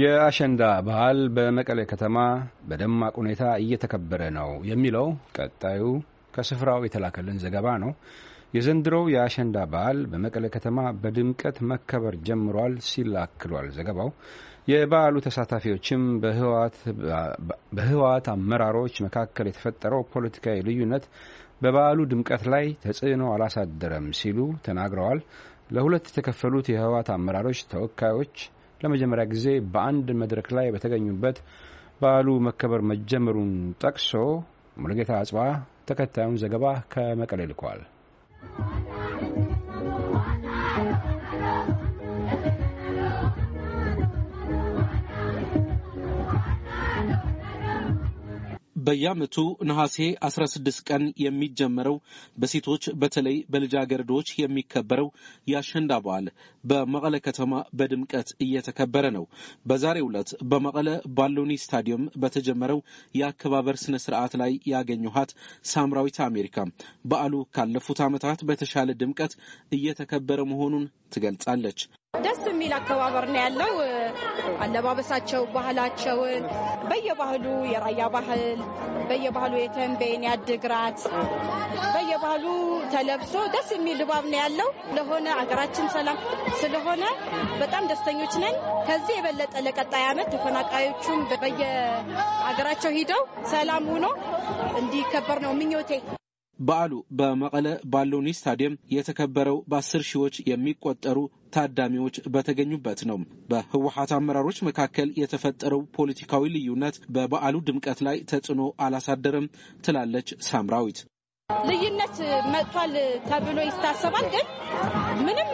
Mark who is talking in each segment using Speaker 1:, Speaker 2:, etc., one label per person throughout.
Speaker 1: የአሸንዳ በዓል በመቀሌ ከተማ በደማቅ ሁኔታ እየተከበረ ነው የሚለው ቀጣዩ ከስፍራው የተላከልን ዘገባ ነው። የዘንድሮው የአሸንዳ በዓል በመቀሌ ከተማ በድምቀት መከበር ጀምሯል ሲል አክሏል ዘገባው። የበዓሉ ተሳታፊዎችም በህወሓት አመራሮች መካከል የተፈጠረው ፖለቲካዊ ልዩነት በበዓሉ ድምቀት ላይ ተጽዕኖ አላሳደረም ሲሉ ተናግረዋል። ለሁለት የተከፈሉት የህወሓት አመራሮች ተወካዮች ለመጀመሪያ ጊዜ በአንድ መድረክ ላይ በተገኙበት በዓሉ መከበር መጀመሩን ጠቅሶ ሙሉጌታ አጽባ ተከታዩን ዘገባ ከመቀሌ ልኳል።
Speaker 2: በየዓመቱ ነሐሴ 16 ቀን የሚጀመረው በሴቶች በተለይ በልጃገረዶች የሚከበረው የአሸንዳ በዓል በመቀለ ከተማ በድምቀት እየተከበረ ነው። በዛሬ ዕለት በመቀለ ባሎኒ ስታዲየም በተጀመረው የአከባበር ስነ ስርዓት ላይ ያገኘኋት ሳምራዊት አሜሪካ በዓሉ ካለፉት ዓመታት በተሻለ ድምቀት እየተከበረ መሆኑን ትገልጻለች።
Speaker 3: ደስ የሚል አከባበር ነው ያለው። አለባበሳቸው፣ ባህላቸውን በየባህሉ የራያ ባህል በየባህሉ የተንቤን ያድግራት በየባህሉ ተለብሶ ደስ የሚል ድባብ ነው ያለው። ለሆነ አገራችን ሰላም ስለሆነ በጣም ደስተኞች ነን። ከዚህ የበለጠ ለቀጣይ ዓመት ተፈናቃዮቹም በየአገራቸው ሂደው ሰላም ሆኖ እንዲከበር ነው ምኞቴ።
Speaker 2: በዓሉ በመቀለ ባሎኒ ስታዲየም የተከበረው በአስር ሺዎች የሚቆጠሩ ታዳሚዎች በተገኙበት ነው። በህወሀት አመራሮች መካከል የተፈጠረው ፖለቲካዊ ልዩነት በበዓሉ ድምቀት ላይ ተጽዕኖ አላሳደረም ትላለች ሳምራዊት።
Speaker 3: ልዩነት መጥቷል ተብሎ ይታሰባል፣ ግን ምንም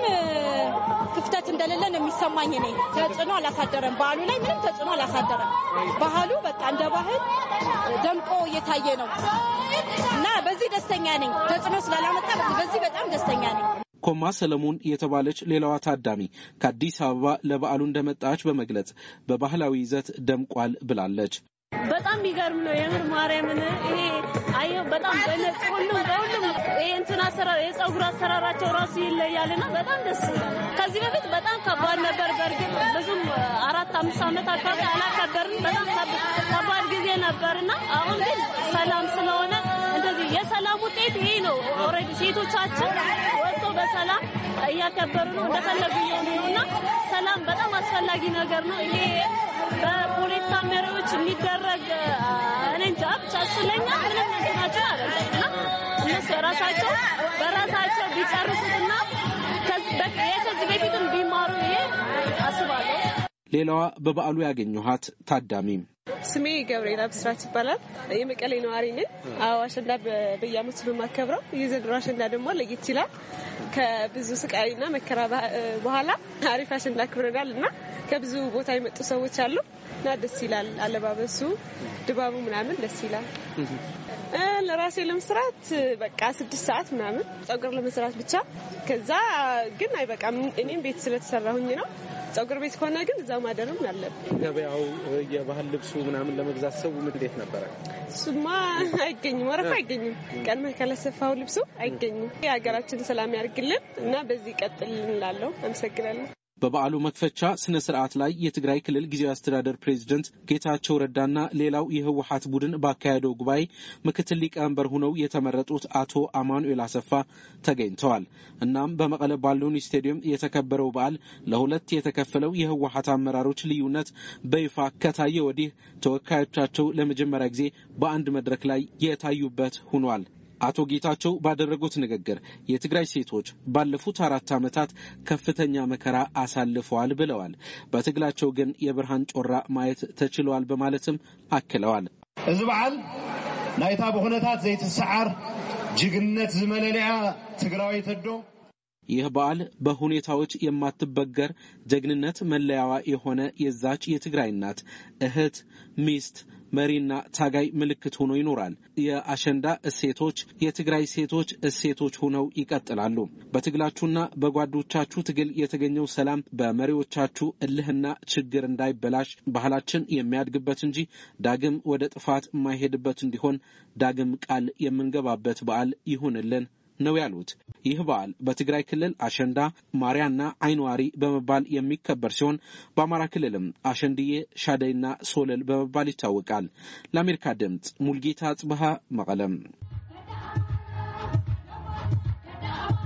Speaker 3: ክፍተት እንደሌለ ነው የሚሰማኝ። እኔ ተጽዕኖ አላሳደረም፣ በዓሉ ላይ ምንም ተጽዕኖ አላሳደረም። ባህሉ በቃ እንደ ባህል ደምቆ እየታየ ነው። ደስተኛ ነኝ። ተጽዕኖ ስላላመጣ በዚህ በጣም ደስተኛ ነኝ።
Speaker 2: ኮማ ሰለሞን የተባለች ሌላዋ ታዳሚ ከአዲስ አበባ ለበዓሉ እንደመጣች በመግለጽ በባህላዊ ይዘት ደምቋል ብላለች።
Speaker 4: በጣም የሚገርም ነው የምር ማርያምን ይሄ አየሁ። በጣም በነጭ ሁሉም በሁሉም ይሄ እንትን አሰራር የፀጉር አሰራራቸው ራሱ ይለያልና በጣም ደስ ይላል። ከዚህ በፊት በጣም ከባድ ነበር። በእርግጥ ብዙም አራት አምስት ዓመት አካባቢ አላከበርን። በጣም ከባድ ጊዜ ነበርና አሁን ግን ሰላም ስለሆነ የሰላም ውጤት ይሄ ነው። ኦልሬዲ ሴቶቻችን ወጥቶ በሰላም እያከበሩ ነው፣ እንደፈለጉ እየሆኑ ነው። እና ሰላም በጣም አስፈላጊ ነገር ነው። ይሄ በፖለቲካ መሪዎች የሚደረግ እኔ እንጃ ብቻ ስለኛ ምንም እንትናቸው አይደለም እና እነሱ ራሳቸው በራሳቸው ቢጨርሱትና ከዚህ በፊትም ቢማሩ ይሄ አስባለሁ።
Speaker 2: ሌላዋ በበዓሉ ያገኘኋት ታዳሚም
Speaker 5: ስሜ ገብርኤል አብስራት ይባላል። የመቀሌ ነዋሪ ነኝ። አዎ አሸንዳ በየአመቱ ነው የማከብረው። የዘንድሮ አሸንዳ ደግሞ ለየት ይላል። ከብዙ ስቃይና መከራ በኋላ አሪፍ አሸንዳ አክብረናል እና ከብዙ ቦታ የመጡ ሰዎች አሉ እና ደስ ይላል። አለባበሱ፣ ድባቡ ምናምን ደስ ይላል። ለራሴ ለመስራት በቃ ስድስት ሰዓት ምናምን ጸጉር ለመስራት ብቻ። ከዛ ግን አይበቃም። እኔም ቤት ስለተሰራሁኝ ነው። ጸጉር ቤት ከሆነ ግን እዛው ማደርም አለብን።
Speaker 2: ገበያው የባህል ልብሱ ምናምን ለመግዛት ሰው እንዴት ነበረ?
Speaker 5: እሱማ አይገኝም፣ ወረፋ አይገኝም። ቀድመህ ከለሰፋው ልብሱ አይገኝም። የሀገራችን ሰላም ያርግልን እና በዚህ ቀጥል እንላለው። አመሰግናለሁ።
Speaker 2: በበዓሉ መክፈቻ ስነ ስርዓት ላይ የትግራይ ክልል ጊዜያዊ አስተዳደር ፕሬዚደንት ጌታቸው ረዳና ሌላው የህወሀት ቡድን ባካሄደው ጉባኤ ምክትል ሊቀመንበር ሆነው የተመረጡት አቶ አማኑኤል አሰፋ ተገኝተዋል። እናም በመቀለ ባሉን ስቴዲየም የተከበረው በዓል ለሁለት የተከፈለው የህወሀት አመራሮች ልዩነት በይፋ ከታየ ወዲህ ተወካዮቻቸው ለመጀመሪያ ጊዜ በአንድ መድረክ ላይ የታዩበት ሆኗል። አቶ ጌታቸው ባደረጉት ንግግር የትግራይ ሴቶች ባለፉት አራት ዓመታት ከፍተኛ መከራ አሳልፈዋል ብለዋል። በትግላቸው ግን የብርሃን ጮራ ማየት ተችለዋል በማለትም አክለዋል። እዚ በዓል ናይታ ብኹነታት ዘይትሰዓር ጅግነት ዝመለለያ ትግራዊት ተዶ ይህ በዓል በሁኔታዎች የማትበገር ጀግንነት መለያዋ የሆነ የዛች የትግራይ እናት፣ እህት፣ ሚስት መሪና ታጋይ ምልክት ሆኖ ይኖራል። የአሸንዳ እሴቶች የትግራይ ሴቶች እሴቶች ሆነው ይቀጥላሉ። በትግላችሁና በጓዶቻችሁ ትግል የተገኘው ሰላም በመሪዎቻችሁ እልህና ችግር እንዳይበላሽ ባህላችን የሚያድግበት እንጂ ዳግም ወደ ጥፋት የማይሄድበት እንዲሆን ዳግም ቃል የምንገባበት በዓል ይሁንልን። ነው ያሉት። ይህ በዓል በትግራይ ክልል አሸንዳ ማርያና አይንዋሪ በመባል የሚከበር ሲሆን በአማራ ክልልም አሸንድዬ፣ ሻደይና ሶለል በመባል ይታወቃል። ለአሜሪካ ድምፅ ሙልጌታ ጽብሃ መቀለም